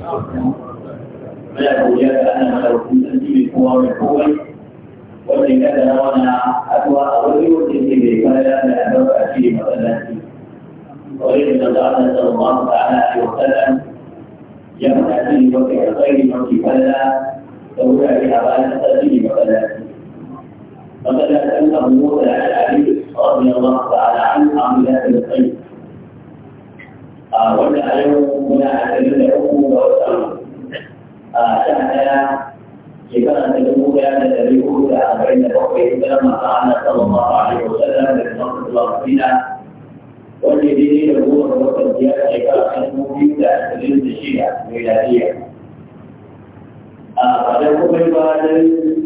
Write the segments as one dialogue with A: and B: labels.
A: muna godiya ga ana madaukin sarki mai kowa mai kowai wanda ya gada mana haɗuwa a wani wanda ke mai kaya da albarka shi ne masallaci wani da za a tsara ma su ta'ala a yau sallan ya muna shi ne wata ya tsaye mafi kalla da wurare a bayan sarki ne masallaci masallaci an samu motsa da al'adu da su ta'ala an samu lafiya tsaye wanda a yau muna ashirin da uku ga watan sha ɗaya shekara ta dubu ɗaya da ɗari uku da arba'in da bakwai hijirar masu ana sallallahu alaihi wa sallam da kuma zuwa madina wanda ya daidai da goma ga watan biyar shekara ta dubu biyu da ashirin da shida mai lafiya. a wajen kuma ba don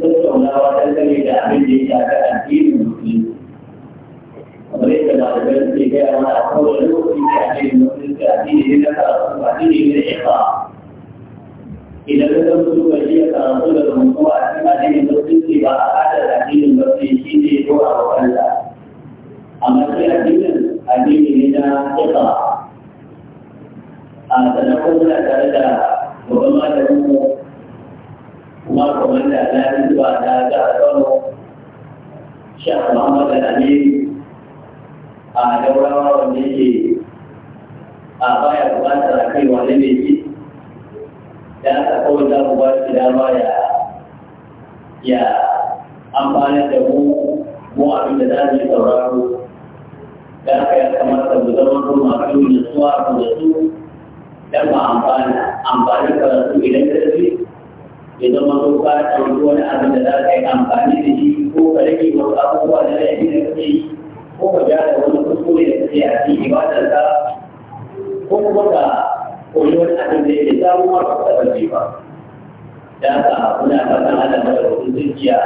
A: tattaunawa dangane da abin da ya shafi addinin musulmi kamar yadda malamai suke gaya mana a kowane lokaci da ake yi تأتيه لك وتأتيه للعقاب إذا لم تكن وجهك رسول موضوع كما دين الصدق وأعاد دين البصير هو وألا أما في الدين الدين لنا عقاب سنقول لك وما تكون وما كمان لا نسوى لا تعلم شيخ محمد الأمين a daurawa wanda yake a baya bukatar a kai wani ne ce da aka kawai za ku ba shi dama ya ya amfani da mu mu abin da za mu yi sauraro da aka ya kamata mu zama ko masu nutsuwa ko da su dan ba amfani amfani su idan ka tafi ya zama ko ka ɗauki wani abin da za ka yi amfani da shi ko ka rage wasu abubuwa da laifi da kake yi ko ka gyara wani kuskure da kake a cikin ka? ko kuma ka koyi wani abin da yake samu ka ba da Allah da zuciya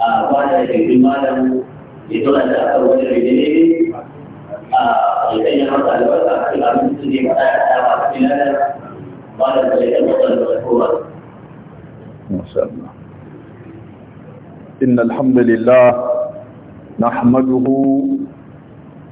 A: a bada da jirgin malam ya tura da aka wani rage ne a ya sanya albarka a cikin abin ta a cikin da da kowa.
B: إن الحمد لله نحمده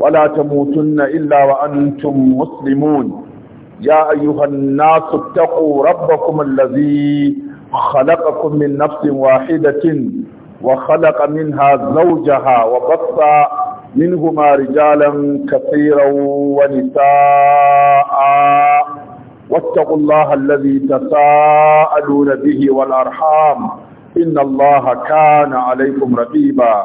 B: ولا تموتن إلا وأنتم مسلمون يا أيها الناس اتقوا ربكم الذي خلقكم من نفس واحدة وخلق منها زوجها وبص منهما رجالا كثيرا ونساء واتقوا الله الذي تساءلون به والأرحام إن الله كان عليكم رقيبا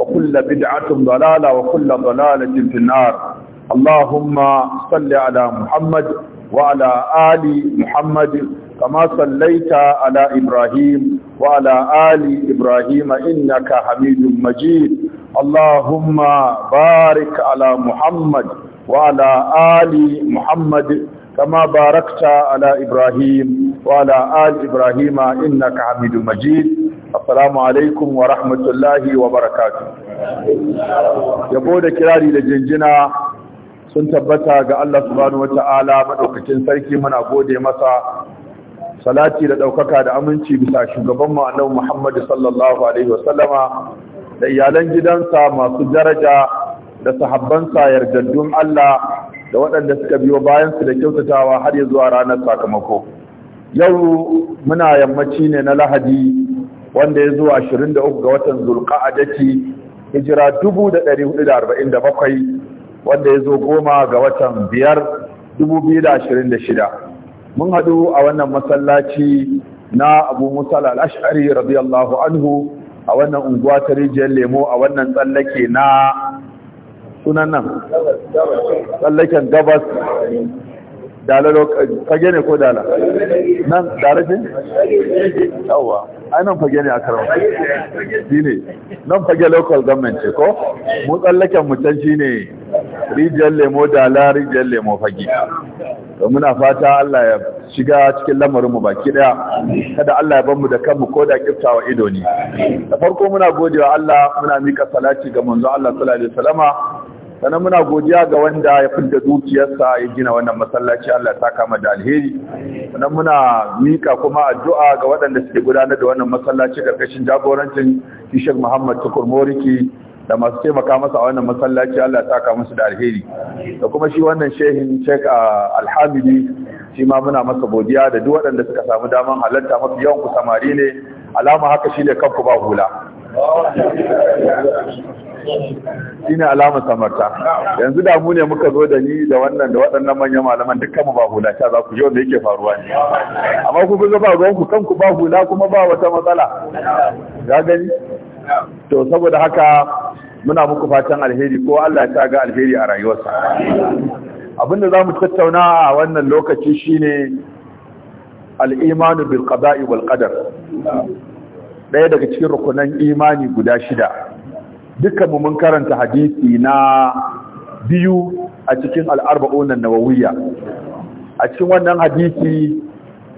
B: وكل بدعة ضلالة وكل ضلالة في النار اللهم صل على محمد وعلى آل محمد كما صليت على إبراهيم وعلى آل إبراهيم إنك حميد مجيد اللهم بارك على محمد وعلى آل محمد كما باركت على إبراهيم وعلى آل إبراهيم إنك حميد مجيد assalamu alaikum wa rahmatullahi wa barakatu yabo da kirari da jinjina sun tabbata ga Allah subhanahu wata'ala madaukakin sarki muna gode masa salati da daukaka da aminci bisa shugaban mu annabi Muhammad sallallahu alaihi wasallama da iyalan gidansa masu daraja da sahabbansa yardaddun Allah da waɗanda suka biyo bayan su da kyautatawa har yanzu a ranar sakamako yau muna yammaci ne na Lahadi wanda ya zuwa 23 ga watan daki hijira 1447 wanda ya zo goma ga watan biyar 2026 mun haɗu a wannan masallaci na abu musa al'ashari radiyallahu anhu a wannan unguwa ta rijiyar lemo a wannan tsallake na sunan nan tsallaken gabas dala fage ne ko dala nan dala ce? yawa ai nan fage ne a karon shi nan fage local government ce ko mu tsallaken mutan shi ne rijiyar lemo dala rijiyar lemo fage to muna fata Allah ya shiga cikin lamarin mu baki daya kada Allah ya bamu da kanmu ko da kiftawa ido ne da farko muna godewa Allah muna mika salati ga manzo Allah sallallahu alaihi wasallama sannan muna godiya ga wanda ya fi da dukiyarsa ya gina wannan masallaci Allah ta kama da alheri sannan muna mika kuma addu'a ga waɗanda suke gudanar da wannan masallaci karkashin jagorancin Sheikh Muhammad Tukur Moriki da masu taimaka masa a wannan masallaci Allah ta kama su da alheri da kuma shi wannan shehin Sheikh ah, Alhamidi shi ma muna masa godiya da duk waɗanda suka samu daman halarta mafi yawan ku samari ne alama haka shi ne kanku ba hula shine alamar samarta yanzu da mu ne muka zo da ni da wannan da waɗannan manyan malaman dukkan mu ba hula ta za ku yau wanda yake faruwa ne amma ku ga ba ruwan ku kan ku ba hula kuma ba wata matsala Ya gani to saboda haka muna muku fatan alheri ko Allah ya ga alheri a rayuwarsa Abin abinda mu tattauna a wannan lokaci shine al-imanu bil wal qadar ɗaya daga cikin rukunan imani guda shida dukkan mu mun karanta hadisi na biyu a cikin al'arba'unan nawawiyya a cikin wannan hadisi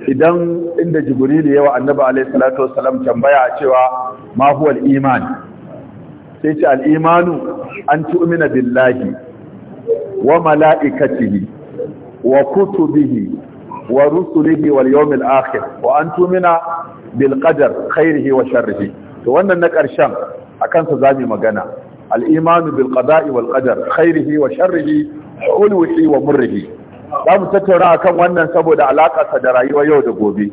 B: idan inda jibrilu yawa annabi alaihi salatu wassalam tambaya cewa ma huwa iman sai ce al an tu'mina billahi wa mala'ikatihi wa kutubihi wa rusulihi wa yawmil akhir wa an tu'mina bil qadar khairihi wa sharrihi to wannan na karshen akan sa zamu magana al iman bil qada'i wal qadar khairihi wa sharrihi ulwihi wa murrihi zamu tattauna kan wannan saboda alaƙarsa da rayuwar yau da gobe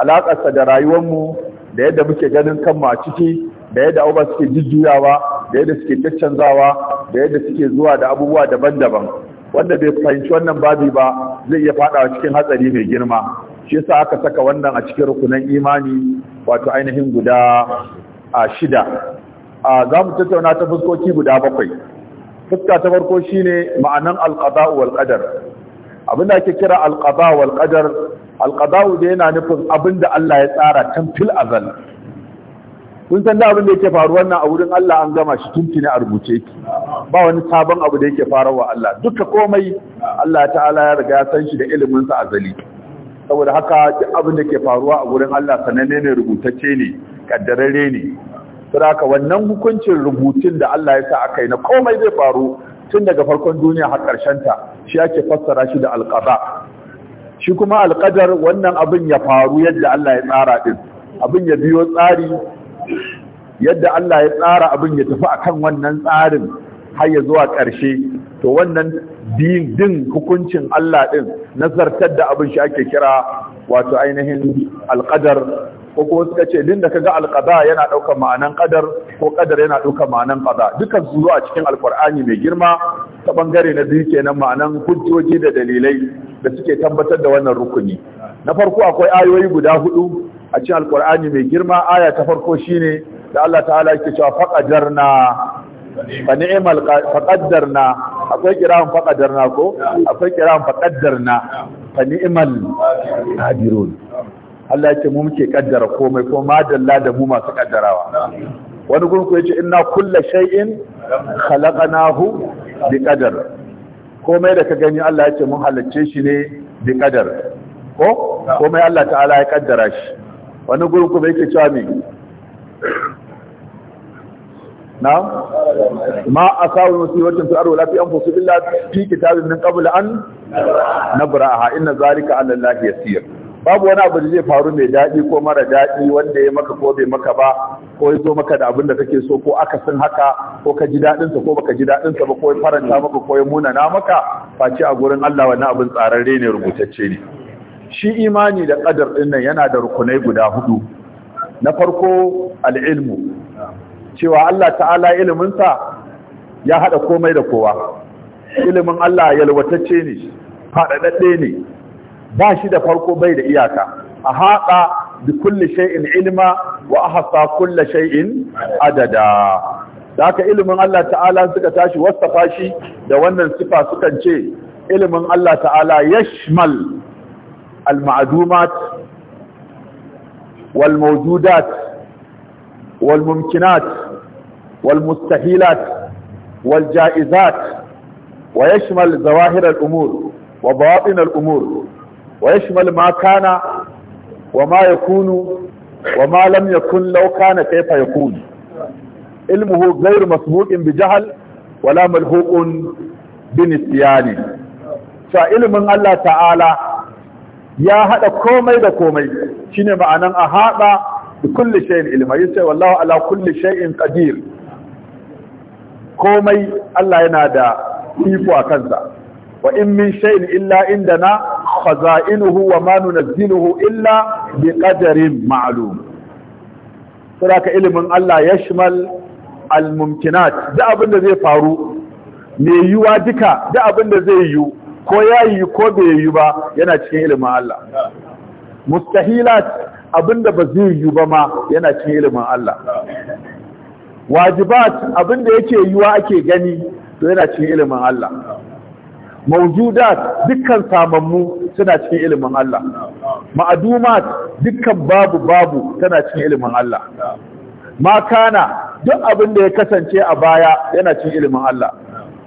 B: Alaƙarsa da rayuwar da yadda muke ganin kanmu a ciki da yadda abubuwa suke jujjuyawa da yadda suke caccanzawa da yadda suke zuwa da abubuwa daban-daban wanda bai fahimci wannan babi ba zai iya faɗawa cikin hatsari mai girma shi yasa aka saka wannan a cikin rukunan imani wato ainihin guda a shida a za mu tattauna ta fuskoki guda bakwai fuska ta farko shine ma'anan alqada wal qadar da ake kira alqada wal qadar alqada da yana nufin abin da Allah ya tsara tun fil azal kun san da abin da yake faruwa nan a wurin Allah an gama shi tun tuni a rubuce yake ba wani sabon abu da yake faruwa Allah duka komai Allah ta'ala ya riga ya san shi da ilimin sa azali saboda haka duk abin da ke faruwa a gurin Allah sananne ne rubutacce ne kaddarare ne saboda wannan hukuncin rubutun da Allah ya sa aka yi na komai zai faru tun daga farkon duniya har karshen ta shi ake fassara shi da alqada shi kuma alqadar wannan abin ya faru yadda Allah ya tsara din abin ya biyo tsari yadda Allah ya tsara abin ya tafi akan wannan tsarin har ya zuwa ƙarshe to wannan din hukuncin Allah din nazartar da abin shi ake kira wato ainihin alƙadar ko kuma suka ce din da kaga alƙada yana ɗaukar ma'anan ƙadar ko ƙadar yana ɗaukar ma'anan ƙada Dukkan su zuwa cikin alƙur'ani mai girma ta ɓangare na biyu kenan ma'anan hujjoji da dalilai da suke tabbatar da wannan rukuni na farko akwai ayoyi guda hudu a cikin alƙur'ani mai girma aya ta farko shine da Allah ta'ala yake cewa faqadarna fa ni'mal fa qaddarna akwai kiran fa qaddarna ko akwai kiran fa qaddarna fa ni'mal qadirun Allah yake mu muke kaddara komai ko madalla da mu masu kaddarawa wani gurin ku yace inna kulla shay'in khalaqnahu biqadar komai da ka gani Allah yake mun halacce shi ne biqadar ko komai Allah ta'ala ya kaddara shi wani gurin ku bai ce cewa me نعم ما أصاب مصيبة في الأرض ولا في أنفسهم إلا في كتاب من قبل أن نبرأها إن ذلك على الله يسير babu wani abu da zai faru mai daɗi ko mara daɗi wanda ya maka ko bai maka ba ko ya zo maka da abin da kake so ko aka san haka ko ka ji daɗinsa ko baka ji daɗinsa ba ko ya faranta maka ko ya munana maka face a gurin Allah wannan abin tsararre ne rubutacce ne shi imani da qadar dinnan yana da rukunai guda hudu na farko al ilmu cewa Allah ta'ala iliminsa ya haɗa komai da kowa ilimin Allah yalwatacce ne faɗaɗaɗɗe ne ba shi da farko bai da iyaka a haɗa da kulle shai'in ilma wa ahsa kulle adada da haka ilimin Allah ta'ala suka tashi wasafa shi da wannan sifa sukan ce ilimin Allah ta'ala yashmal al-ma'dumat wal mawjudat wal mumkinat والمستحيلات والجائزات ويشمل ظواهر الأمور وباطن الأمور ويشمل ما كان وما يكون وما لم يكن لو كان كيف يكون علمه غير مسبوق بجهل ولا ملحوق بنسيان فعلم الله تعالى يا هذا كومي da كومي شنو ma'anan a بكل شيء علم shay'in ilma على كل شيء قدير komai Allah yana da iko a kansa wa in min shay'in illa indana khaza'inuhu wa ma nunzilu illa bi qadarin ma'lum saboda ilimin Allah ya shimal al-mumkinat da abin da zai faru mai yiwa duka da abin da zai yiwu ko ya ko bai yiwu ba yana cikin ilimin Allah mustahilat abin da ba zai yiwu ba ma yana cikin ilimin Allah wajibat abin da yake yiwa ake gani to yana cikin ilimin Allah mawjudat dukkan samammu suna cikin ilimin Allah ma'adumat dukkan babu babu tana cikin ilimin Allah makana duk abin da ya kasance a baya yana cikin ilimin Allah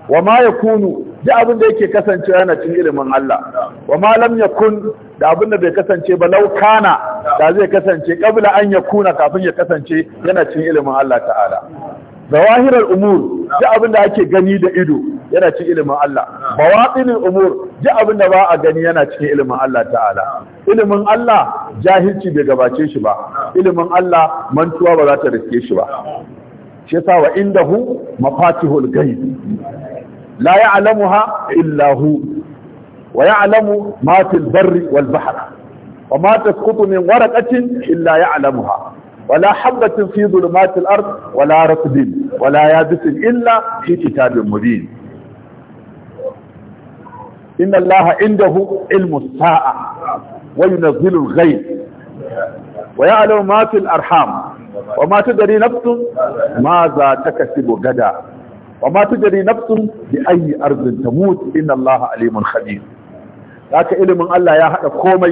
B: wa ma yakunu da abin da yake kasance yana cin ilimin Allah wa ma lam yakun da abin da bai kasance ba laukana kana da zai kasance kabla an ya kuna kafin ya kasance yana cin ilimin Allah ta'ala zawahirar umur ji abin da ake gani da ido yana cin ilimin Allah bawatinin umur ji abin da ba a gani yana cikin ilimin Allah ta'ala ilimin Allah jahilci bai gabace shi ba ilimin Allah mantuwa ba za ta riske shi ba shi yasa wa indahu mafatihul ghaib لا يعلمها إلا هو ويعلم ما في البر والبحر وما تسقط من ورقة إلا يعلمها ولا حبة في ظلمات الأرض ولا رطب ولا يابس إلا في كتاب مبين إن الله عنده علم الساعة وينزل الغيب ويعلم ما في الأرحام وما تدري نفس ماذا تكسب غدا wa ma tujri nafsun arzinta ayi ardin tamut inna Allah alimun khabir haka ilimin Allah ya hada komai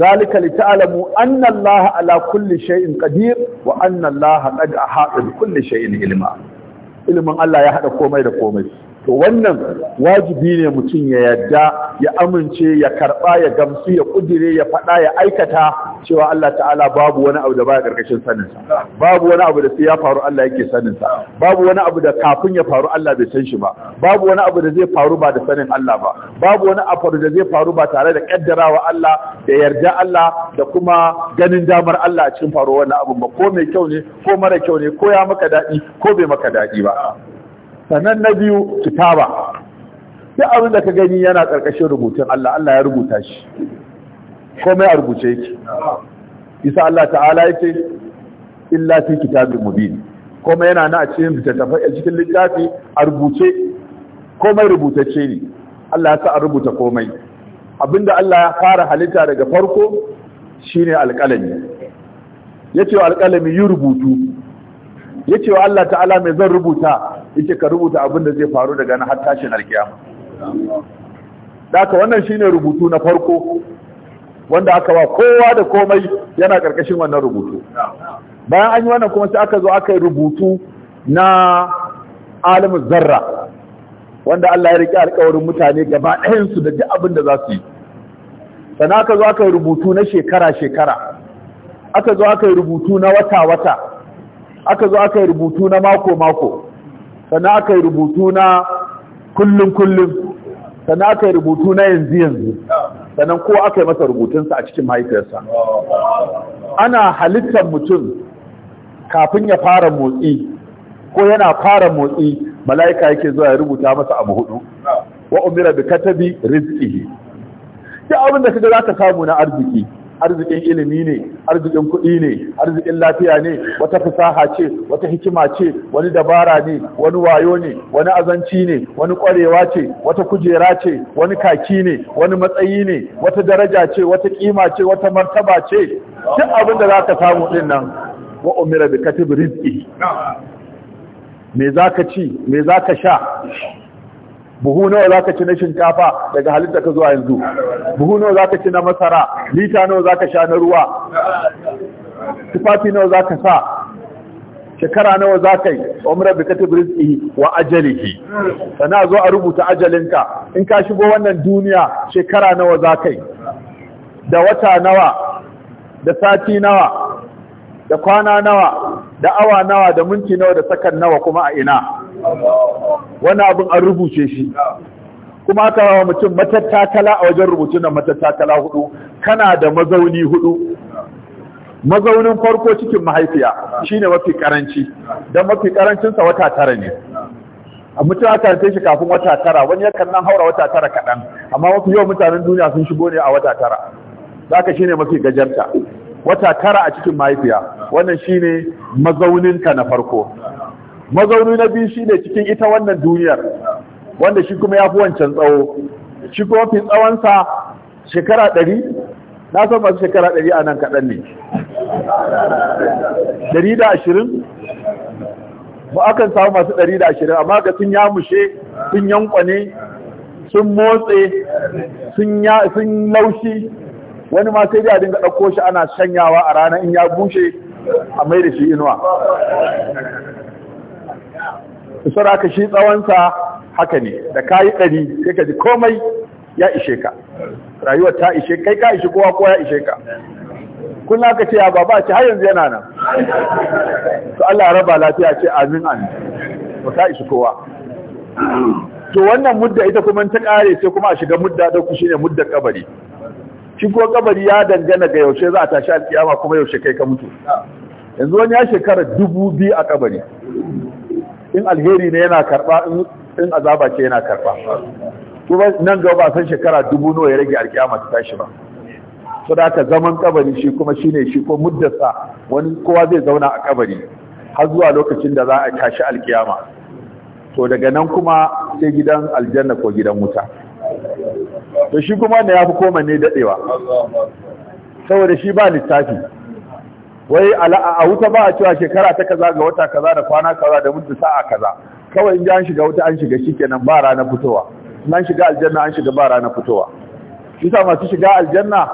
B: zalika lita'lamu anna Allah ala kulli shay'in kadir, wa anna Allah qad ahata bi kulli shay'in ilma ilimin Allah ya haɗa komai da komai to wannan wajibi ne mutum ya yadda ya amince ya karba ya gamsu ya kudire ya faɗa ya aikata cewa Allah ta'ala babu wani abu da baya karkashin sanin sa babu wani abu da sai ya faru Allah yake sanin sa babu wani abu da kafin ya faru Allah bai san shi ba babu wani abu da zai faru ba da sanin Allah ba babu wani abu da zai faru ba tare da kaddarawa Allah da yarda Allah da kuma ganin damar Allah a cikin faruwar wannan abu ba ko mai kyau ne ko mara kyau ne ko ya maka daɗi ko bai maka daɗi ba sannan na biyu kitaba sai abin da ka gani yana ƙarƙashin rubutun Allah Allah ya rubuta shi komai a rubuce yake isa Allah ta'ala yake illa fi kitabin mubin komai yana na a cikin littafi a cikin littafi a rubuce komai rubutacce ne Allah ya sa a rubuta komai abinda Allah ya fara halitta daga farko shine alƙalami yace wa alƙalami yi rubutu yace wa Allah ta'ala mai zan rubuta yake ka rubuta abin da zai faru daga nan har tashin alkiyama daga wannan shine rubutu na farko wanda aka ba kowa da komai yana karkashin wannan rubutu bayan an yi wannan kuma sai aka zo aka yi rubutu na alim zarra wanda Allah ya rike alƙawarin mutane gaba ɗayansu da duk abin da za su yi sana aka zo aka yi rubutu na shekara-shekara aka zo aka yi rubutu na wata-wata aka zo aka yi rubutu na mako-mako sannan aka yi rubutu na kullum kullum sannan aka yi rubutu na yanzu yanzu sannan ko aka yi masa rubutunsa a cikin mahaifiyarsa ana halittar mutum kafin ya fara motsi ko yana fara motsi mala'ika yake zuwa ya rubuta masa abu hudu wa umira bi katabi rizqihi duk abin da kaga zaka samu na arziki arzikin ilimi ne arzikin kuɗi ne arzikin lafiya ne wata fasaha ce wata hikima ce wani dabara ne wani wayo ne wani azanci ne wani kwarewa ce wata kujera ce wani kaki ne wani matsayi ne wata daraja ce wata kima ce wata martaba ce duk abin da za ka samu din nan wa umira bi katib rizqi me zaka ci me zaka sha buhu nawa zaka ci na shinkafa daga halitta ka zuwa yanzu buhu nawa zaka ci na masara lita nawa zaka sha na ruwa
C: tufafi nawa zaka
B: sa shekara nawa za ka yi umra bi katib rizqi wa ajalihi sana zo a rubuta ajalinka in ka shigo wannan duniya shekara nawa za ka da wata nawa da sati nawa da kwana nawa da awa nawa da minti nawa da sakan nawa kuma a ina wani abin an rubuce shi kuma aka rawa mutum matattakala a wajen rubutun nan matattakala hudu kana da mazauni hudu mazaunin farko cikin mahaifiya shine mafi karanci don mafi karancinsa wata tara ne a mutum aka haife shi kafin wata tara wani yakan nan haura wata tara kaɗan amma mafi yawan mutanen duniya sun shigo ne a wata tara zaka shine mafi gajarta wata tara a cikin mahaifiya wannan shine ka na farko mazauni na biyu shine cikin ita wannan duniyar wanda shi kuma ya fi wancan tsawo shi kuma fi tsawonsa shekara ɗari na san masu shekara ɗari a nan kaɗan ne ɗari da ashirin ba akan samu masu ɗari da ashirin amma ga sun yamushe sun yankwane sun motse sun laushi wani ma sai da a dinga ɗauko shi ana shanyawa a rana in ya bushe a mai da shi inuwa su ka shi tsawonsa haka ne da ka yi ɗari sai ka ji komai ya ishe ka rayuwar ta ishe kai ka ishe kowa ko ya ishe ka kun ka ce ya baba ce har yanzu yana nan to Allah raba lafiya ce amin amin ba ta ishe kowa to wannan mudda ita kuma ta kare sai kuma a shiga mudda da ku shine mudda kabari shi ko kabari ya dangana ga yaushe za a tashi alkiyama kuma yaushe kai ka mutu yanzu wani ya shekara dubu biyu a kabari in alheri ne yana karba in azaba ce yana karba kuma nan gaba ba san shekara dubu nawa ya rage alkiyama ta tashi ba to da haka zaman kabari shi kuma shine shi ko muddasa wani kowa zai zauna a kabari har zuwa lokacin da za a tashi alkiyama to daga nan kuma sai gidan aljanna ko gidan wuta to shi kuma ne ya fi koma ne dadewa saboda shi ba littafi wai a wuta ba a cewa shekara ta kaza ga wata kaza da kwana kaza da mutu sa'a kaza kawai in an shiga wuta an shiga shikenan ba rana fitowa in an shiga aljanna an shiga ba rana fitowa yasa masu shiga aljanna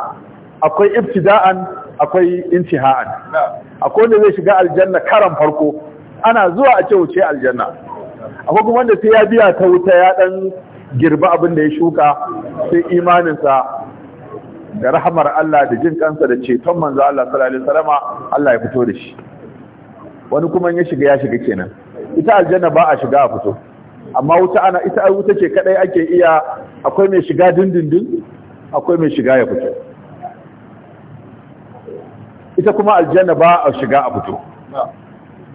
B: akwai ibtida'an akwai intiha'an akwai wanda zai shiga aljanna karan farko ana zuwa a ce wuce aljanna akwai kuma wanda sai ya biya ta wuta ya dan girba abin da ya shuka sai imaninsa da rahamar Allah da jin kansa da ceton manzo Allah sallallahu alaihi wasallama Allah ya fito da shi wani kuma ya shiga ya shiga kenan ita aljanna ba a shiga a fito amma wuta ana ita ai wuta ce kadai ake iya akwai mai shiga dindindin akwai mai shiga ya fito ita kuma aljanna ba a shiga a fito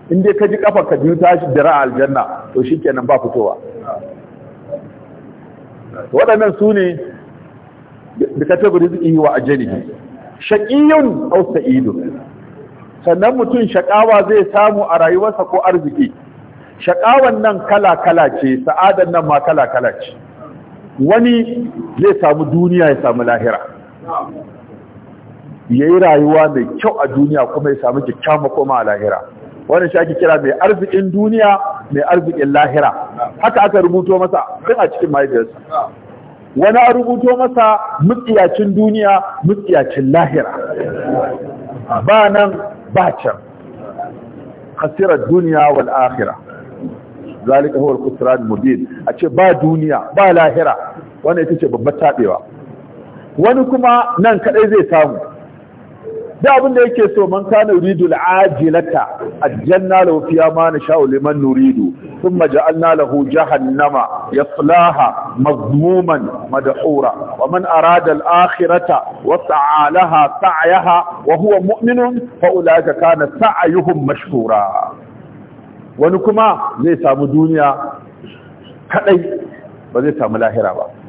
B: in dai ka ji kafa ka biyu tashi dira aljanna to shikenan ba fitowa waɗannan su ne da kategori suke yi wa ajalihi shaqiyun aw sa'idun sannan mutum shakawa zai samu a rayuwarsa ko arziki shakawan nan kala-kala ce sa'adan nan ma kala-kala ce wani zai samu duniya ya samu lahira ya rayuwa mai kyau a duniya kuma ya samu kyakkyawa kuma a lahira wani shi ake kira mai arzikin duniya mai arzikin lahira haka aka rubuto masa din a cikin mahaifiyarsa wani an rubuto masa mutsiyacin duniya mutsiyacin lahira ba nan ba can hasirar duniya wal akhira zalika huwa al mubin a ce ba duniya ba lahira wannan ita ce babbar tabewa wani kuma nan kadai zai samu da abin da yake so man kana yuridu al'ajilata ajjalna lahu fiha ma nasha'u liman nuridu thumma ja'alna lahu jahannama yaslaha mazmuman madhura wa man arada al'akhirata wa sa'alaha sa'yaha wa huwa mu'minun fa kana sa'yuhum mashkura wani kuma zai samu duniya kadai ba zai samu lahira ba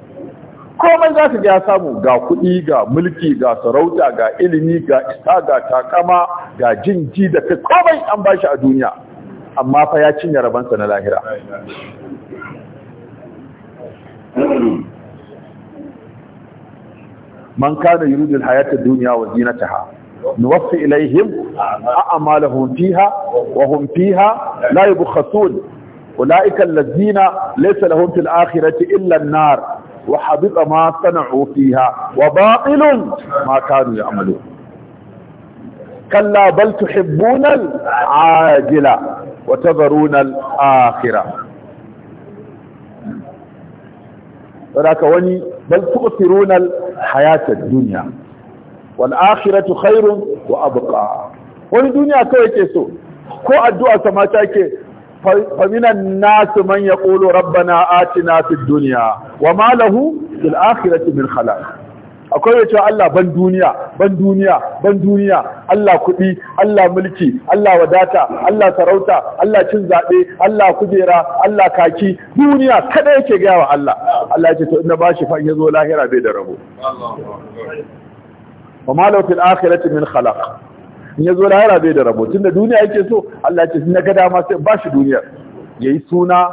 B: komai za ka ga samu ga kuɗi ga mulki ga sarauta ga ilimi ga isa ga takama ga jin ji da ka komai an ba shi a duniya amma fa ya cinye rabansa na lahira man kana yuridu alhayata ad-dunya wa zinataha nuwaffi ilaihim a'malahum fiha wa hum fiha la yubkhasun ulaika allazina laysa lahum fil akhirati illa an-nar وحبط ما صنعوا فيها وباطل ما كانوا يعملون كلا بل تحبون العاجلة وتذرون الآخرة ولكن وني بل تؤثرون الحياة الدنيا والآخرة خير وأبقى wani duniya kawai كو so سماتاكي faminan nasu man ya ƙolo rabbana atina fi duniya wa ma lahu min akwai ya Allah ban duniya ban duniya ban duniya Allah kuɗi Allah mulki Allah wadata Allah sarauta Allah cin zaɓe Allah kujera Allah kaki duniya kada yake gaya wa Allah Allah ya ce to inda bashi fa ya zo lahira bai da rabo wa ma lahu akhirati min khalaq in ya zo lahira bai da rabo da duniya yake so Allah ce na ga dama sai ba shi duniya yayi suna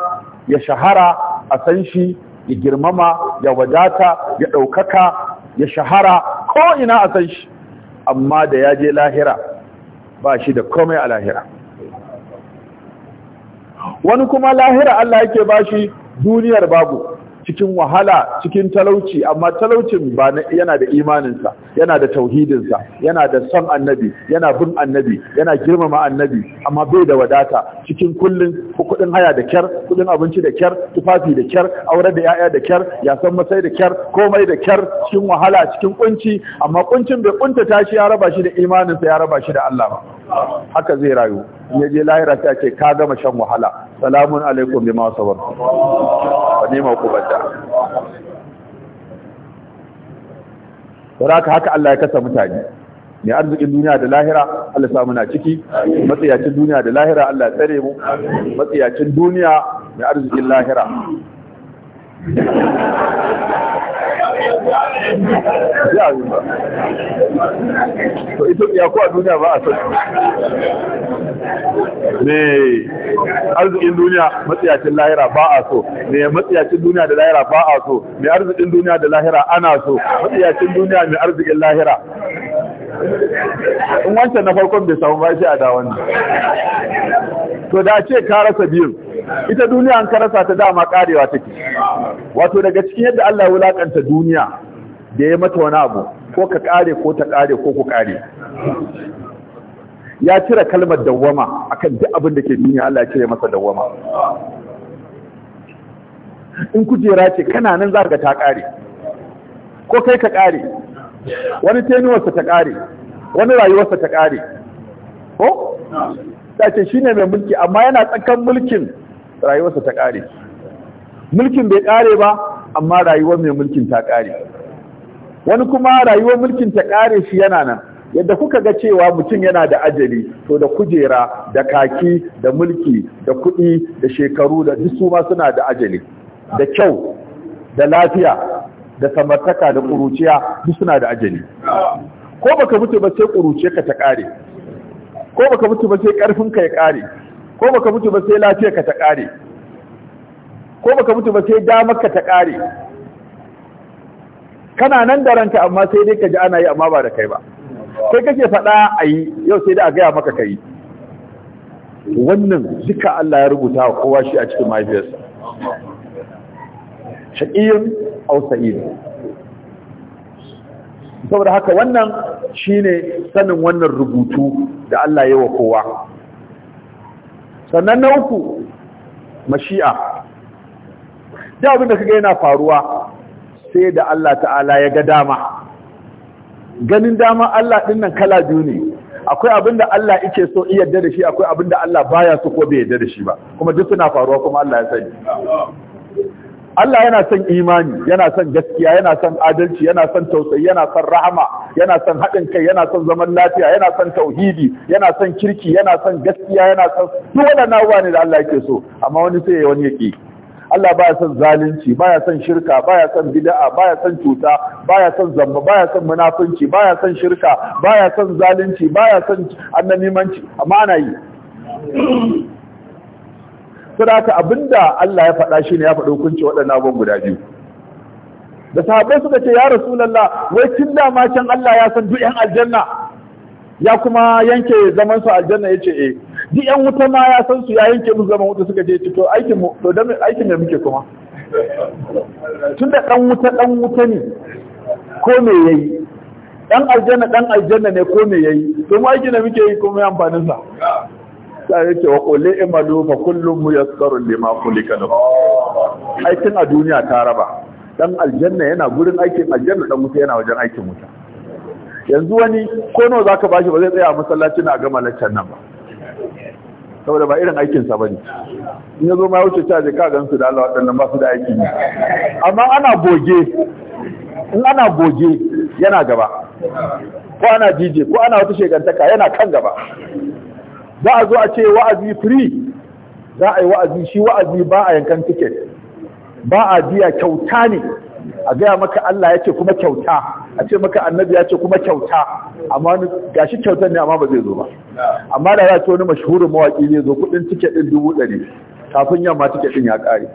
B: ya shahara a san shi ya girmama ya wadata ya ɗaukaka ya shahara ko ina a san shi amma da ya je lahira ba shi da komai a lahira wani kuma lahira Allah yake ba shi duniyar babu cikin wahala cikin talauci amma talaucin ba yana da imaninsa yana da tauhidinsa yana da son annabi yana bin annabi yana girmama annabi amma bai da wadata cikin kullun kuɗin haya da kyar kuɗin abinci da kyar tufafi da kyar aure da yaya da kyar yasan masai da kyar komai da kyar cikin wahala cikin kunci amma kuncin bai ƙunta tashi ya raba shi da imaninsa ya raba shi da Allah ba haka zai rayu ya je lahira sai ce ka gama shan wahala salamun alaikum bima sabar wa ni'ma kubata saboda haka Allah ya kasa mutane mai arzikin duniya da lahira Allah samu na ciki matsiyacin duniya da lahira Allah ya tsare mu matsiyacin duniya mai arzikin lahira ya yi ba to ita ya kuwa duniya ba a sassu ne arzikin duniya matsiyacin lahira ba a so ne matsiyacin duniya da lahira ba a so ne arzikin duniya da lahira ana so matsiyacin duniya mai arzikin lahira
C: in
B: wancan na farkon bai samu ba sai a da
C: wannan
B: to da ce ka rasa biyu ita duniya an karasa ta dama karewa take wato daga cikin yadda Allah ya wulakanta duniya da ya mata wani abu ko ka kare ko ta kare ko ku kare ya cire kalmar dawwama akan duk abin da ke duniya Allah ya cire masa dawwama in kujera ce kana nan za ka ta kare ko kai ka kare wani tenuwarsa ta ƙare wani rayuwarsa ta ƙare ko ta shi ne mai mulki amma yana tsakan mulkin rayuwarsa ta ƙare mulkin bai ƙare ba amma rayuwar mai mulkin ta ƙare wani kuma rayuwar mulkin ta ƙare shi yana nan yadda kuka ga cewa mutum yana da ajali to da kujera da kaki da mulki da kuɗi da shekaru da duk su ma suna da ajali da kyau da lafiya da samartaka da ƙuruciya duk suna da ajali ko baka mutu ba sai ƙuruciya ka ta ƙare ko baka mutu ba sai ƙarfin ka ya ƙare ko baka mutu ba sai lafiyar ka ta ƙare ko baka mutu ba sai damar ka ta ƙare kana nan da ranka amma sai dai ka ji ana yi amma ba da kai ba sai kake faɗa a yi yau sai dai a gaya maka ka yi wannan duka Allah ya rubuta wa kowa shi a cikin mahaifiyarsa sha'ir aw sa'id saboda haka wannan shine sanin wannan rubutu da Allah ya wa kowa sannan na uku mashi'a da abin da kaga yana faruwa sai da Allah ta'ala ya ga dama ganin dama Allah din nan kala biyu ne akwai abin da Allah yake so iya yarda da shi akwai abin da Allah baya so ko bai yarda da shi ba kuma duk suna faruwa kuma Allah ya sani Allah yana son imani yana son gaskiya yana son adalci yana son tausayi yana son rahama yana son haɗin kai yana son zaman lafiya yana son tauhidi yana son kirki yana son gaskiya yana son duk waɗannan abubuwa ne da Allah yake so amma wani sai wani yake Allah baya son zalunci baya son shirka baya son bid'a baya son cuta baya son zamba baya son munafunci baya son shirka baya son zalunci baya son annabimanci, amma ana yi saboda abinda Allah ya faɗa shi ne ya faɗa hukunci waɗannan abubuwan guda biyu da sahabai suka ce ya lalla wai tun da ma can Allah ya san duk yan aljanna ya kuma yanke zaman su aljanna ya eh duk yan wuta ma ya san su ya yanke musu zaman wuta suka je to aikin mu to aikin ne muke kuma tun da ɗan wuta ɗan wuta ne ko me ya yi? Ɗan aljanna ɗan aljanna ne ko me ya yi? to mu aikin da muke yi ko me amfanin sa sai yake wa qul imalu fa kullum muyassarun lima khuliqa lahu aikin a duniya ta raba dan aljanna yana gurin aikin aljanna dan wuta yana wajen aikin wuta yanzu wani ko nawa zaka bashi ba zai tsaya a masallacin a gama laccan nan ba saboda ba irin aikin sa bane in yazo ma wuce ta je ka su da Allah wadannan ba su da aiki amma ana goge in ana goge yana gaba ko ana jije, ko ana wata shegantaka yana kan gaba za a zo a ce wa'azi free za a yi wa'azi shi wa'azi ba a yankan tiket ba a biya kyauta ne a gaya maka Allah ya ce kuma kyauta a ce maka annabi ya ce kuma kyauta amma ga shi kyautar ne amma ba zai zo ba amma da za ce wani mashahurin mawaƙi zai zo kuɗin tiket ɗin dubu ɗari kafin yamma tiket ɗin ya ƙare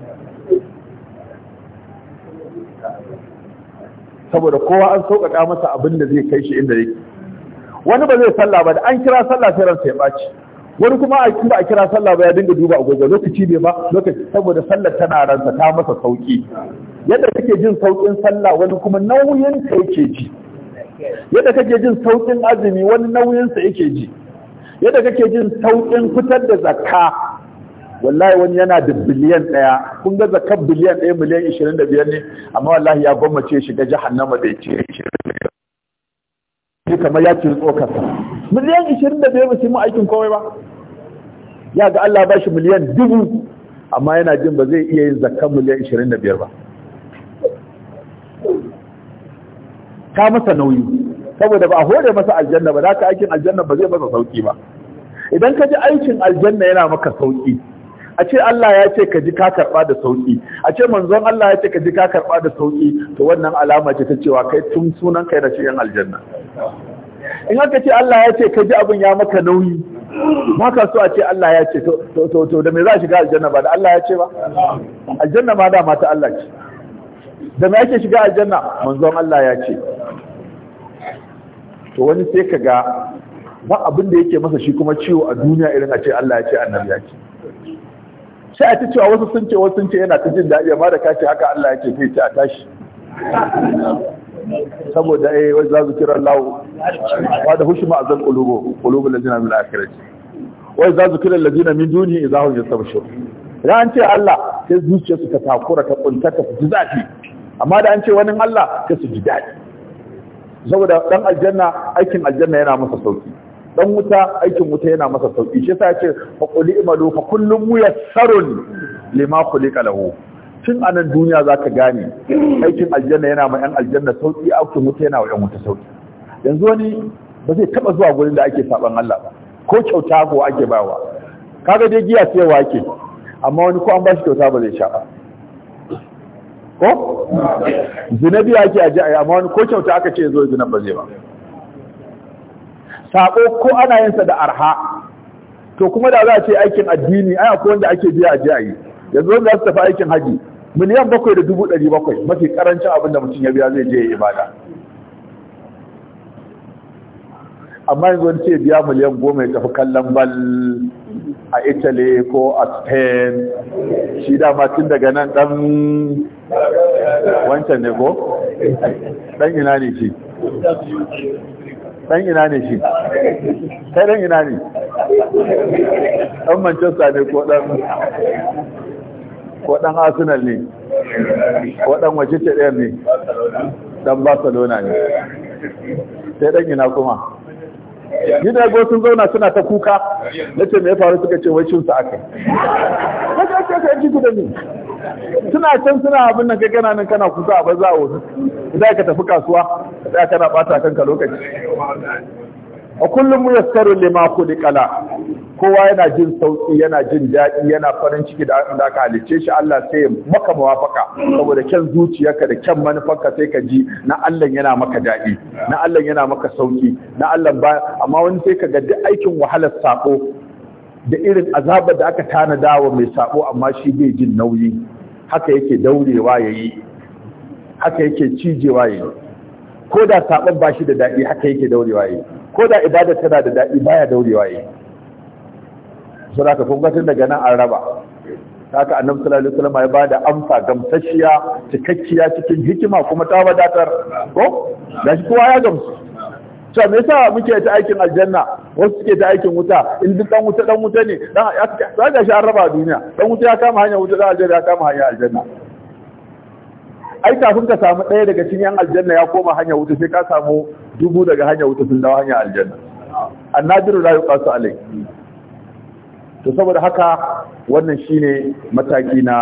B: saboda kowa an sauƙaƙa masa abin da zai kai shi inda yake wani ba zai sallah ba da an kira sallah sai ransa ya ɓaci wani kuma a kira kira sallah ba ya dinga duba agogo lokaci ne ba lokaci saboda sallar tana ransa ta masa sauki yadda kake jin saukin sallah wani kuma nauyin ta yake ji yadda kake jin saukin azumi wani nauyin sa yake ji yadda kake jin saukin fitar da zakka wallahi wani yana da biliyan daya kun ga zakka biliyan daya miliyan 25 ne amma wallahi ya ya shiga jahannama da yake sai kamar ya ciri tsokarsa miliyan ishirin da biyar aikin komai ba ya ga Allah ba shi miliyan dubu amma yana jin ba zai iya yin zakkan miliyan ishirin ba ka masa nauyi saboda ba a hore masa aljanna ba za ka aikin aljanna ba zai masa sauki ba idan ka ji aikin aljanna yana maka sauki a ce Allah ya ce ka ji ka karɓa da sauki a ce manzon Allah ya ce ka ji ka karba da sauƙi to wannan alama ce ta cewa kai tun sunan kai da cikin aljanna in haka ce Allah ya ce ka ji abin ya maka nauyi ma ka so a ce Allah ya ce to da me za a shiga aljanna ba da Allah ya ce ba aljanna ma da mata Allah ce da me ake shiga aljanna manzon Allah ya ce to wani sai ka ga ba abin da yake masa shi kuma ciwo a duniya irin a ce Allah ya ce annabi ya ce sai a ta cewa wasu sun ce wasu sun ce yana ta jin daɗi amma da ka ce haka Allah ya ce sai ta tashi saboda ai eh, wai za su kira Allah wa da hushma azal qulubu qulubu ladina min akhirati wai za su kira ladina min duni idza hum yastabshirun Da an ce Allah sai zuciya su ta takura ta kuntata su ji zafi amma da an ce wani Allah sai su ji dadi saboda dan aljanna aikin aljanna yana masa sauki dan wuta aikin wuta yana masa sauki shi yasa ya ce fa qul imalu fa kullum muyassarun lima khuliqa lahu tun a nan duniya za ka gane aikin aljanna yana ma 'yan aljanna sauƙi aukin wuta yana wa 'yan wuta sauƙi yanzu wani ba zai taɓa zuwa gurin da ake saɓan Allah ba ko kyauta ko ake bawa kaga dai giya wa ake amma wani ko an ba shi kyauta ba zai sha ba ko zinabi ake aje a amma wani ko kyauta aka ce zo zinan ba zai ba sako ko ana yin sa da arha to kuma da za a ce aikin addini ai akwai wanda ake biya aje a yanzu wanda za su tafi aikin haji miliyan bakwai da dubu ɗari bakwai mafi ƙarancin abin da mutum ya biya zai je ya ibada amma yanzu wani ce biya miliyan goma ya tafi kallon bal a italy ko a spain shi dama tun daga nan ɗan wancan ne ko ɗan ina ne shi ɗan ina ne shi kai ɗan ina ne ɗan manchester ne ko ɗan ko dan arsenal ne ko dan wace ne dan barcelona ne sai dan ina kuma gidago sun zauna suna ta kuka na ce mai faru suka ce wai cinsa aka haka ake aka yanki da suna can suna abin nan kana nan kana kusa a banza a wasu idan ka tafi kasuwa da kana bata kanka lokaci a kullum mu yassaru lima kudi kala kowa yana jin sauki yana jin daɗi yana farin ciki da da aka halice shi Allah sai ya maka muwafaka saboda kyan zuciyarka da kyan manufarka sai ka ji na Allah yana maka daɗi na Allah yana maka sauki na Allah ba amma wani sai ka ga duk aikin wahalar sako da irin azabar da aka tana wa mai sako amma shi bai jin nauyi haka yake daurewa yayi haka yake cijewa yayi ko da sakon ba shi da daɗi haka yake daurewa yayi ko da ibada tana da daɗi baya daurewa yayi suna ka kun daga nan an raba haka annabi sallallahu alaihi wasallam ya bada amsa gamsashiya cikakkiya cikin hikima kuma ta wadatar ko shi kowa ya gamsu to me yasa muke ta aikin aljanna wasu suke ta aikin wuta in duk dan wuta dan wuta ne dan ya ga shi an raba duniya dan wuta ya kama hanya wuta dan aljanna ya kama hanya aljanna ai kafin ka samu ɗaya daga cikin yan aljanna ya koma hanya wuta sai ka samu dubu daga hanya wuta sun dawo hanya aljanna annabiru la yuqasu alai to saboda haka wannan shine mataki na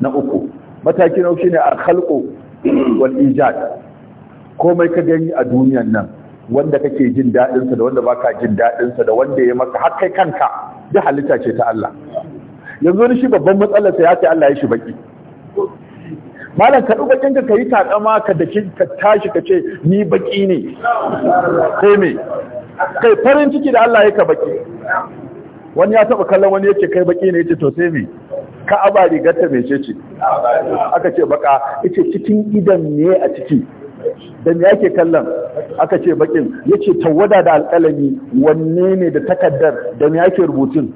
B: na uku mataki na uku shine al-khalqu wal ijad komai ka gani a duniyan nan wanda kake jin dadin sa da wanda baka jin dadin sa da wanda ya maka har kai kanka duk halitta ce ta Allah yanzu ne shi babban matsalar sa ya ce Allah ya shi baki malam ka duba kinka kai takama ka da ka tashi ka ce ni baki ne sai me kai farin ciki da Allah ya ka baki wani ya taba kallon wani yake kai baki ne yake to sai me ka'aba rigar ta mece ce aka ce baka yace cikin idan ne a ciki da me yake kallon aka ce bakin yace tawada da alƙalami wanne ne da takaddar da me yake rubutun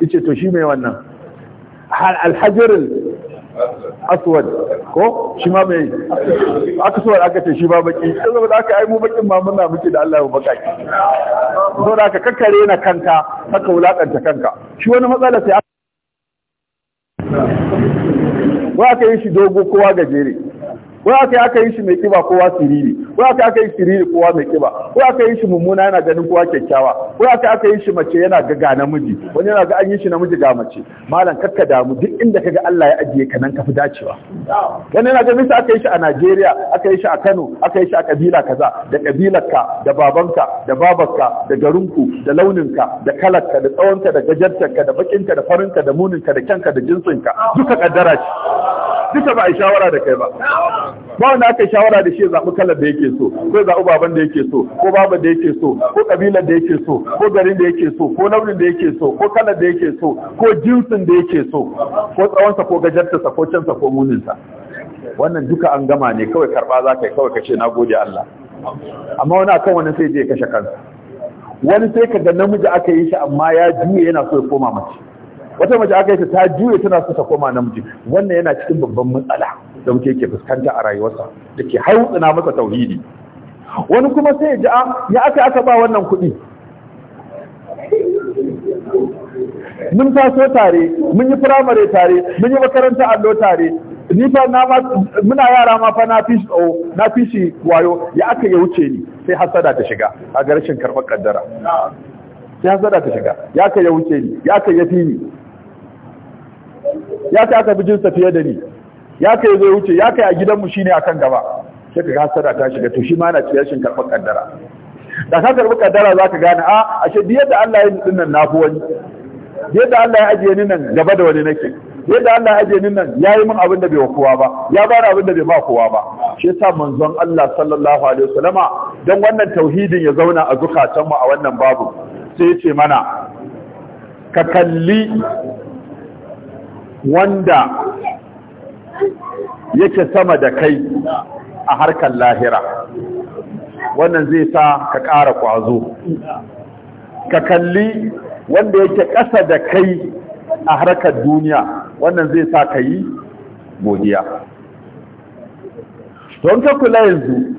B: yace to shi mai wannan alhajarul aswad ko shi ma mai aswad aka ce shi ba baki saboda aka yi mu bakin ma muna muke da Allah ya baka ki da aka kakkare na kanka haka wulakanta kanka shi wani matsala sai wa aka yi shi dogo kowa gajere wai aka aka yi shi mai kiba kowa siriri wai aka aka yi siriri kowa mai kiba wai aka yi shi mummuna yana ganin kowa kyakkyawa wai aka aka yi shi mace yana ga ga namiji wani yana ga an yi shi namiji ga mace malam karka damu duk inda kaga Allah ya ajiye ka nan kafi dacewa wani yana ga misa aka yi shi a Najeriya aka yi shi a Kano aka yi shi a kabila kaza da kabilarka da babanka da babarka da garinku da launinka da kalarka da tsawonka da gajartarka da bakinka da farinka da muninka da kyanka da jinsinka duka kaddara ce duka ba a yi shawara da kai ba ba wanda aka yi shawara da shi ya zaɓi kalar da yake so ko zaɓi baban da yake so ko baban da yake so ko ƙabilar da yake so ko garin da yake so ko launin da yake so ko kalar da yake so ko jinsin da yake so ko tsawonsa ko gajartarsa ko cansa ko muninsa wannan duka an gama ne kawai karɓa za ka yi kawai kashe na gode Allah amma wani akan wani sai je kashe kansa wani sai ka ga namiji aka yi shi amma ya juye yana so ya koma mace wata mace aka yi ta juye tana so ta koma namiji wannan yana cikin babban matsala da muke ke fuskanta a rayuwarsa da ke hautsina masa tauhidi wani kuma sai ya ji ah, ya aka aka ba wannan kuɗi mun taso tare mun yi firamare tare mun yi makaranta allo tare ni fa na ma muna yara ma fa na fishi o oh, na fishi wayo ya aka ya wuce ni sai hasada ta shiga a ga rashin karɓar kaddara sai hasada ta shiga ya aka ya wuce ni ya aka ya fi ni ya kai aka bijin sa fiye da ni ya kai zai wuce ya kai a gidanmu shine akan gaba sai ka da ta shiga to shi ma yana ciyar shin karɓar kaddara da ka karɓi kaddara za ka gane a ah, ashe biyar da Allah ya yi nan na fi wani biyar da Allah ya ajiye ni nan gaba da wani nake biyar da Allah ya ajiye ni nan ya yi min abin da bai wa kowa ba ya ba ni abin da bai ba kowa ba shi yasa manzon Allah sallallahu alaihi wasallama dan wannan tauhidin ya zauna a zukatanmu a wannan babu sai ya ce mana ka kalli wanda yake sama da kai a harkar lahira
C: wannan zai sa ka
B: ƙara ƙwazo ka kalli wanda yake ƙasa da kai a harkar duniya wannan zai sa ka yi godiya don ka kula yanzu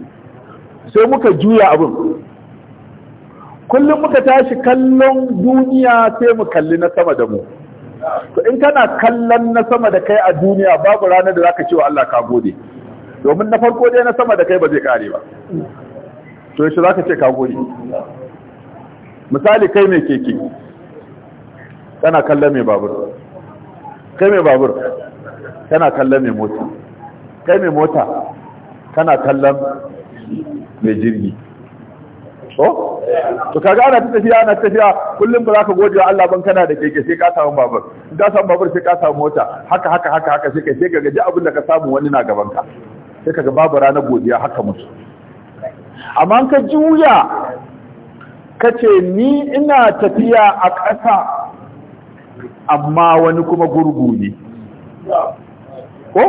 B: sai muka juya abin kullum muka tashi kallon duniya sai mu kalli na sama da mu to in kana kallon na sama da kai a duniya babu ranar da zaka ce wa Allah ka gode domin na farko dai na sama da kai ba zai kare ba to yaushe zaka ce ka gode misali kai mai keke kana kallon mai babur kai mai babur kana kallon mai mota kai mai mota kana kallon mai jirgi ko to kaga ana ta tafiya ana tafiya kullum ba za ka gode wa Allah ban kana da keke sai ka samu babur da samu babur sai ka samu mota haka haka haka haka sai ka sai ka gaji abin da ka samu wani na gaban ka sai kaga babu ranar godiya haka musu amma ka juya ka ce ni ina tafiya a ƙasa amma wani kuma gurgu ne ko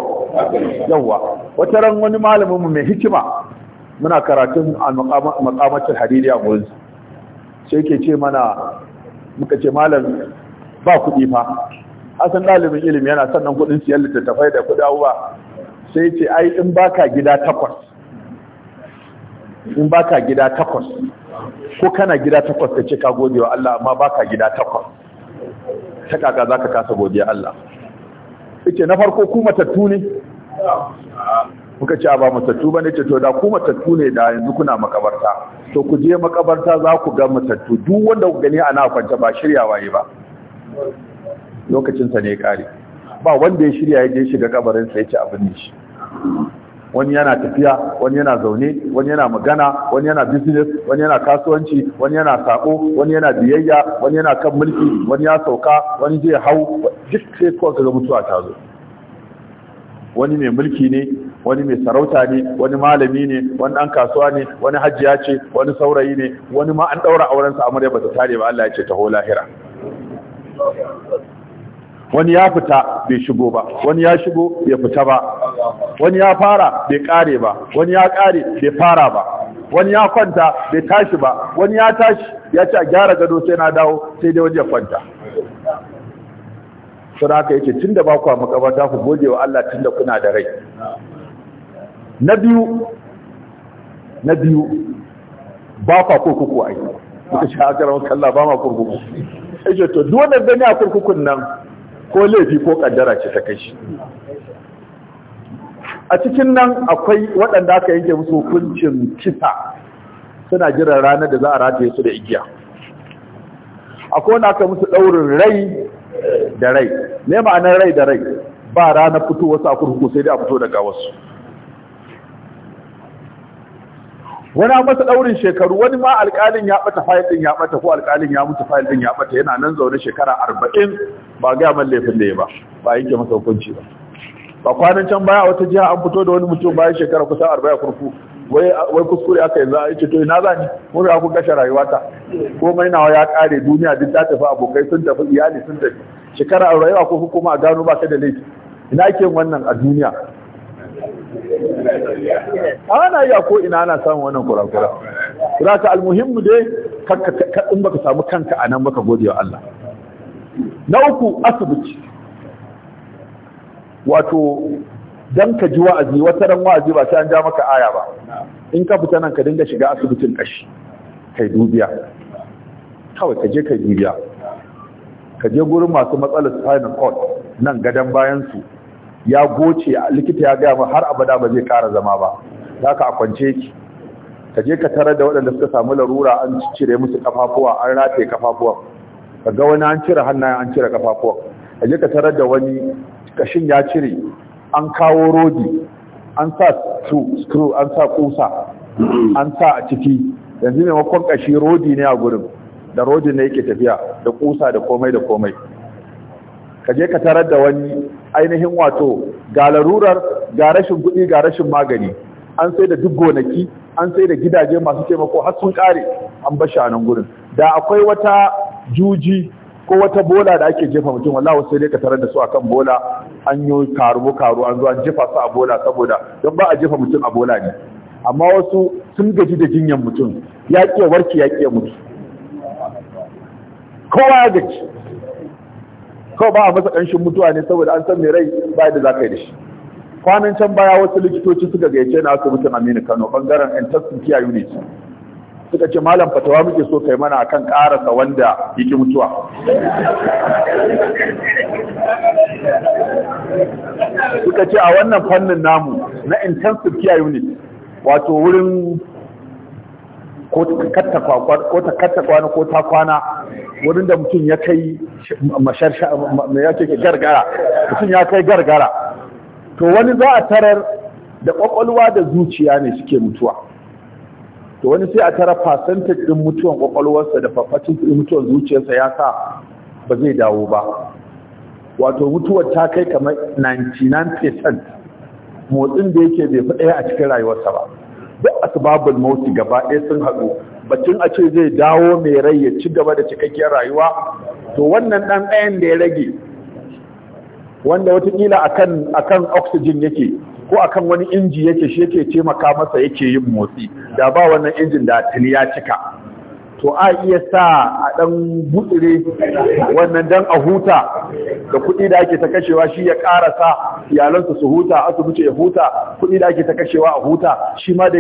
B: yawwa wata ran wani malamin mu mai hikima muna karatun makamatar hadidi a gurinsa sai ke ce mana muka ce malam ba kuɗi fa asan ɗalibin ilimi yana sannan kuɗin siyan littattafai da kuɗi abuwa sai ce ai in baka gida takwas in baka gida takwas ko kana gida takwas ka ce ka gode wa Allah amma baka gida takwas ta kaka za ka kasa godiya Allah ita na farko ku matattu ne muka ce ba matattu ba ne ce to da ku matattu ne da yanzu kuna makabarta to ku je makabarta za ku ga matattu duk wanda ku gani ana kwance ba shirya waye ba lokacinsa ne kare ba wanda ya shirya ya je shiga sa ya ci abin shi wani yana tafiya wani yana zaune wani yana magana wani yana business wani yana kasuwanci wani yana sako wani yana biyayya wani yana kan mulki wani ya sauka wani zai hau duk sai kawai ga mutuwa ta zo wani mai mulki ne wani mai sarauta ne wani malami ne wani ɗan kasuwa ne wani hajjiya ce wani saurayi ne wani ma an ɗaura aurensa amarya ba ta tare ba Allah ya ce taho lahira wani ya fita bai shigo ba wani ya shigo bai fita ba wani ya fara bai kare ba wani ya kare bai fara ba wani ya kwanta bai tashi ba wani ya tashi ya ce a gyara gado sai na dawo sai dai wani ya kwanta sun haka yake tun da ba ku makabarta ku gode wa Allah tun kuna da rai na biyu na biyu ba kwa kurkuku yi suka shi a rawar kalla ba ma kurkuku ake to duk gani a kurkukun nan ko laifi ko kaddara ce ta kai a cikin nan akwai waɗanda aka yanke musu hukuncin kisa suna jiran ranar da za a rataye su da igiya akwai wanda aka musu ɗaurin rai da rai ne ma'anar rai da rai ba rana fito wasu a kurkuku sai dai a fito daga wasu wani an masa ɗaurin shekaru wani ma alƙalin ya bata fayil din ya bata ko alƙalin ya mutu fayil ɗin ya bata yana nan zaune shekara 40 ba ga man laifin da ya ba ba yake masa hukunci ba ba kwanan can baya wata jiha an fito da wani mutum bayan shekara kusan 40 kurku wai wai kuskure aka yanzu yace to ina zani mun ga kun kashe rayuwata komai nawa ya kare duniya duk ta tafi abokai sun tafi iyali sun tafi shekara a rayuwa ko hukuma a gano ba ka da laifi ina ake wannan a duniya ana yi a ko ina ana samun wannan kurakura za ka almuhimmu dai in baka samu kanka a nan baka gode Allah na uku asibiti wato don ka ji wa'azi wata ran wa'azi ba sai an ja maka aya ba in ka fita nan ka dinga shiga asibitin kashi kai dubiya kawai ka je kai dubiya ka je gurin masu matsalar spinal cord nan gadon bayan su ya goce likita ya gaya har abada ba zai kara zama ba za ka a kwance ki ka je ka tarar da waɗanda suka samu larura an cire musu kafafuwa an rataye kafafuwa ka ga wani an cire hannayen an cire kafafuwa ka je ka tarar da wani kashin ya cire an kawo rodi an sa screw an sa kusa an sa a ciki yanzu ne makon kashi rodi ne a gurin da rodi ne yake tafiya da kusa da komai da komai ka je ka tarar da wani ainihin wato ga larurar ga rashin kuɗi ga rashin magani an sai da duk gonaki an sai da gidaje masu taimako har sun kare an bashi shi a nan gurin da akwai wata juji ko wata bola da ake jefa mutum wallahi sai dai ka tarar da su akan bola an yi karu karu an zo an jefa su a bola saboda don ba a jefa mutum a bola ne amma wasu sun gaji da jinyan mutum ya ke warke ya ke mutu kowa ya gaji kawai ba a masa ƙanshin mutuwa ne saboda an san mai rai ba da za ka yi da shi kwanan can baya wasu likitoci suka gayyace na asibitin aminu kano bangaren intestine care unit suka ce malam fatawa muke so kai mana akan karasa wanda yake mutuwa
C: suka ce a wannan
B: fannin namu na intensive care unit wato wurin ko ta katta kwana ko ta kwana wurin da mutum ya kai masharsha mai yake ke gargara mutum ya kai gargara to wani za a tarar da kwakwalwa da zuciya ne suke mutuwa to wani sai a tara percentage din mutuwan kwakwalwarsa da fafacin din mutuwan zuciyarsa ya sa ba zai dawo ba wato mutuwar ta kai kamar 99% motsin da yake bai fi ɗaya a cikin rayuwarsa ba duk asbabul mauti gaba ɗaya sun haɗu bacin a ce zai dawo mai rai ya ci gaba da cikakkiyar rayuwa to wannan ɗan ɗayan da ya rage wanda watakila akan akan oxygen yake ko akan wani inji yake shi yake taimaka masa yake yin motsi da ba wannan injin da tuni ya cika to a iya sa a ɗan butsire wannan dan a huta da kuɗi da ake ta kashewa shi ya ƙarasa iyalansa su huta asibiti ya huta kuɗi da ake ta kashewa a huta shi ma da